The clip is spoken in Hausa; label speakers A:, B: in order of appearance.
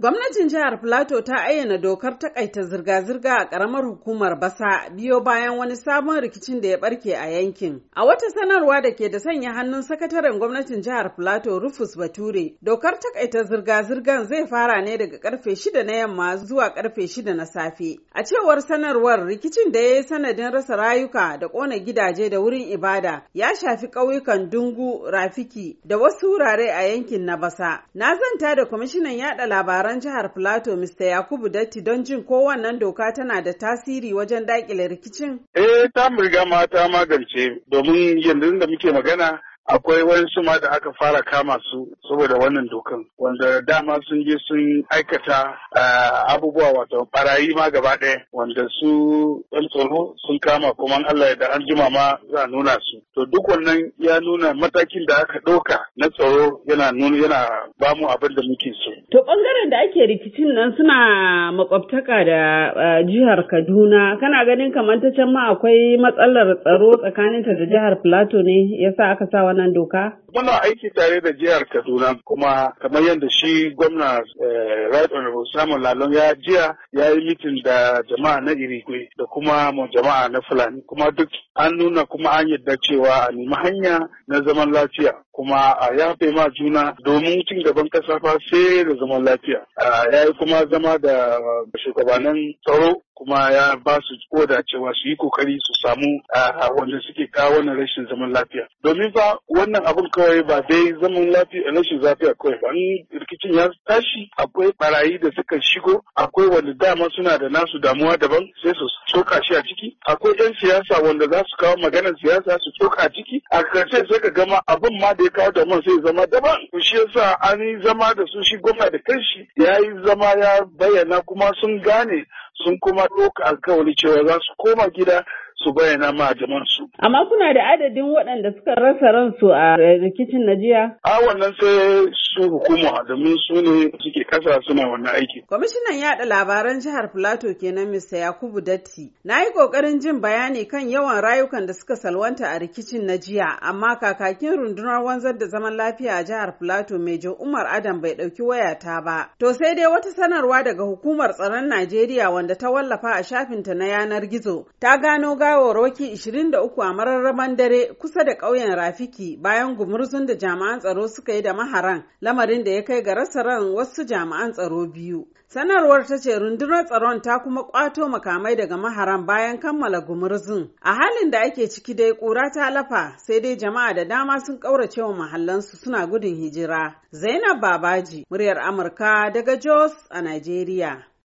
A: Gwamnatin jihar Filato ta ayyana dokar takaita zirga-zirga a ƙaramar hukumar basa biyo bayan wani sabon rikicin da ya barke a yankin. A wata sanarwa da ke da sanya hannun sakataren gwamnatin jihar Filato Rufus Bature, dokar takaita zirga-zirgan zai fara ne daga karfe shida na yamma zuwa karfe shida na safe. A cewar sanarwar rikicin da ya yi sanadin rasa rayuka da ƙona gidaje da wurin ibada ya shafi ƙauyukan Dungu, Rafiki da wasu wurare a yankin na basa. Na zanta da kwamishinan yaɗa labaran shugaban jihar Plateau Mr. Yakubu Datti don jin ko wannan doka tana da tasiri wajen daƙile rikicin?
B: Eh ta riga ma ta magance domin yanzu da muke magana akwai wayansu ma da aka fara kama su saboda wannan dokan wanda dama sun je sun aikata eh, abubuwa wato barayi ma gaba ɗaya wanda su ɗan tsoro sun kama kuma Allah da an jima ma za nuna su to duk wannan ya nuna matakin da aka ɗauka na tsoro yana nuna yana ba mu abin da muke so
C: to bangaren da ake rikicin nan suna makwabtaka da eh, jihar Kaduna kana ganin kamar ta can ma akwai matsalar tsaro tsakaninta da jihar Plateau ne yasa aka sa wannan doka?
B: Muna aiki tare da jihar Kaduna kuma kamar yadda shi gwamna eh, Right Honorable Samun Lalon ya jiya ya yi mitin da jama'a na Irigwe da kuma mu jama'a na Fulani kuma duk an nuna kuma an yadda cewa a nemi hanya na zaman lafiya kuma a yafe ma juna domin cin gaban kasa fa sai da zaman lafiya. Ah, ya yi kuma zama da shugabannin tsaro kuma ya ba su koda cewa su yi kokari su samu wanda suke kawo wannan rashin zaman lafiya domin ba wannan abun kawai ba dai zaman lafiya rashin lafiya kawai ba rikicin ya tashi akwai barayi da suka shigo akwai wanda dama suna da nasu damuwa daban sai su soka shi a ciki akwai yan siyasa wanda za su kawo maganar siyasa su soka a ciki a karshe sai ka gama abin ma da ya kawo man sai zama daban to shi yasa an yi zama da su shi gwamna da kanshi ya yi zama ya bayyana kuma sun gane sun kuma ɗauka alkawari cewa za su koma gida su bayyana ma su.
C: Amma kuna da adadin waɗanda suka rasa ransu a eh, rikicin Najiya?
B: A wannan sai su hukuma domin su ne suke kasa suna wannan aiki.
A: Kwamishinan yaɗa labaran jihar Filato kenan Mr. Yakubu Datti. Na yi ƙoƙarin jin bayani kan yawan rayukan da suka salwanta a rikicin Najiya, amma kakakin rundunar wanzar da zaman lafiya a jihar Filato Mejo Umar Adam bai ɗauki wayata ba. To sai dai wata sanarwa daga hukumar tsaron Najeriya wanda ta wallafa a shafinta na yanar gizo ta gano gawarwaki 23 a mararraban dare kusa da ƙauyen Rafiki bayan gumurzun da jami'an tsaro suka yi da maharan lamarin da ya kai ga rasa ran wasu jami'an tsaro biyu. Sanarwar ta ce rundunar tsaron ta kuma kwato makamai daga maharan bayan kammala gumurzun. A halin da ake ciki dai ƙura ta lafa sai dai jama'a da dama sun ƙaurace wa mahallansu suna gudun hijira. Zainab Babaji, muryar Amurka daga Jos a Najeriya.